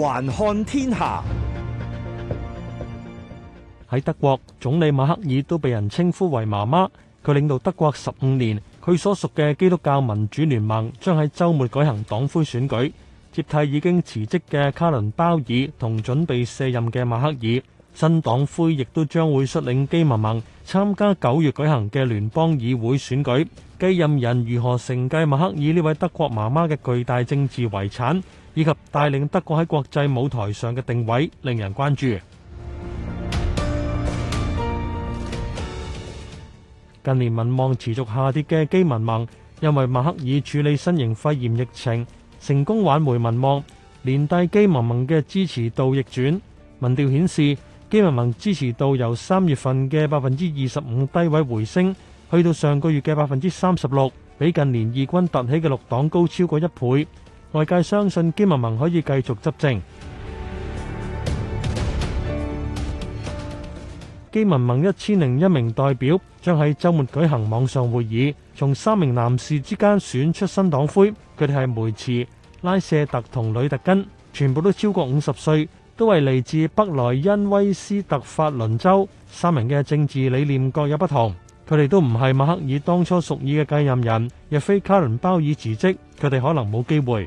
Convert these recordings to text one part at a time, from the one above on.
環看天下。喺德國，總理默克爾都被人稱呼為媽媽。佢領導德國十五年，佢所屬嘅基督教民主聯盟將喺周末舉行黨魁選舉，接替已經辭職嘅卡倫鮑爾同準備卸任嘅默克爾。新黨魁亦都將會率領基民盟參加九月舉行嘅聯邦議會選舉。繼任人如何承繼默克爾呢位德國媽媽嘅巨大政治遺產？以及帶領德國喺國際舞台上嘅定位令人關注。近年民望持續下跌嘅基民盟，因為默克爾處理新型肺炎疫情成功挽回民望，連帶基民盟嘅支持度逆轉。民調顯示，基民盟支持度由三月份嘅百分之二十五低位回升，去到上個月嘅百分之三十六，比近年異軍突起嘅綠黨高超過一倍。外界相信基民盟可以繼續執政。基民盟一千零一名代表將喺周末舉行網上會議，從三名男士之間選出新黨魁。佢哋係梅茨、拉舍特同呂特根，全部都超過五十歲，都係嚟自北萊茵威斯特法倫州。三名嘅政治理念各有不同，佢哋都唔係默克爾當初屬意嘅繼任人，若非卡倫鮑爾辭職，佢哋可能冇機會。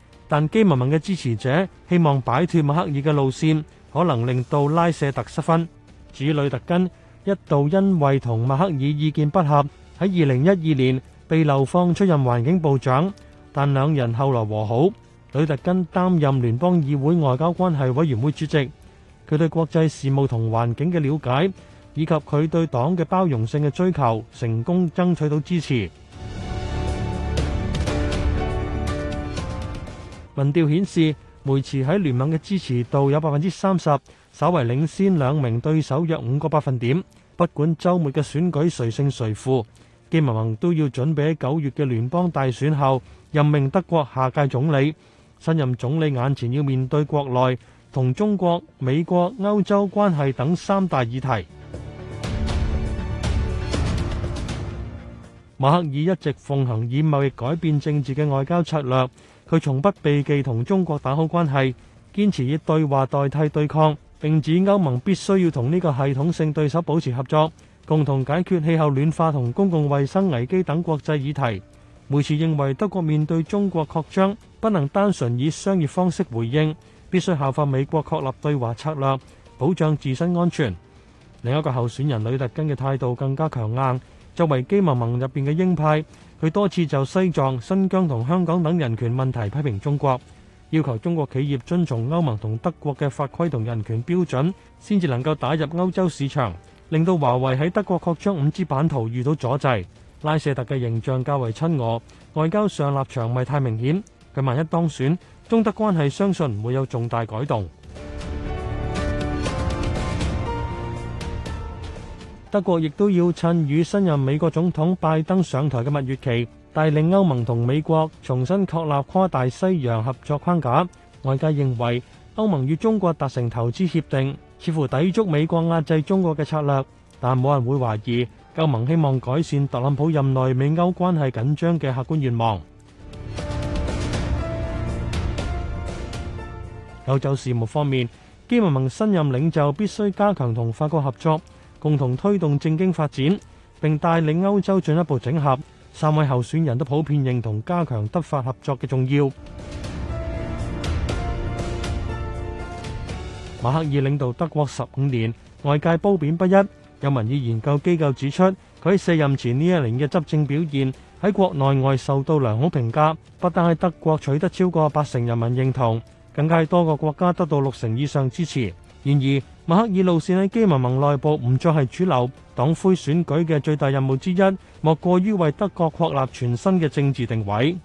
但基民盟嘅支持者希望擺脫默克爾嘅路線，可能令到拉舍特失分。至於呂特根，一度因為同默克爾意見不合，喺二零一二年被流放出任環境部長，但兩人後來和好。呂特根擔任聯邦議會外交關係委員會主席，佢對國際事務同環境嘅了解，以及佢對黨嘅包容性嘅追求，成功爭取到支持。民調顯示，梅茨喺聯盟嘅支持度有百分之三十，稍為領先兩名對手約五個百分點。不管周末嘅選舉誰勝誰負，基民盟都要準備喺九月嘅聯邦大選後任命德國下屆總理。新任總理眼前要面對國內同中國、美國、歐洲關係等三大議題。默克爾一直奉行以貿易改變政治嘅外交策略。佢從不避忌同中國打好關係，堅持以對話代替對抗，並指歐盟必須要同呢個系統性對手保持合作，共同解決氣候暖化同公共衛生危機等國際議題。梅茨認為德國面對中國擴張，不能單純以商業方式回應，必須效法美國確立對華策略，保障自身安全。另一個候選人呂特根嘅態度更加強硬。作為基民盟入邊嘅鷹派，佢多次就西藏、新疆同香港等人權問題批評中國，要求中國企業遵從歐盟同德國嘅法規同人權標準，先至能夠打入歐洲市場，令到華為喺德國擴張五 G 版圖遇到阻滯。拉舍特嘅形象較為親俄，外交上立場唔係太明顯。佢萬一當選，中德關係相信唔會有重大改動。德國亦都要趁與新任美國總統拜登上台嘅蜜月期，帶領歐盟同美國重新確立跨大西洋合作框架。外界認為歐盟與中國達成投資協定，似乎抵觸美國壓制中國嘅策略，但冇人會懷疑歐盟希望改善特朗普任內美歐關係緊張嘅客觀願望。歐洲事務方面，基民盟新任領袖必須加強同法國合作。共同推動政經發展，並帶領歐洲進一步整合。三位候選人都普遍認同加強德法合作嘅重要。默克爾領導德國十五年，外界褒貶不一。有民意研究機構指出，佢喺卸任前呢一年嘅執政表現喺國內外受到良好評價，不但喺德國取得超過八成人民認同，更加喺多個國家得到六成以上支持。然而，默克爾路線喺基民盟內部唔再係主流，黨魁選舉嘅最大任務之一，莫過於為德國確立全新嘅政治定位。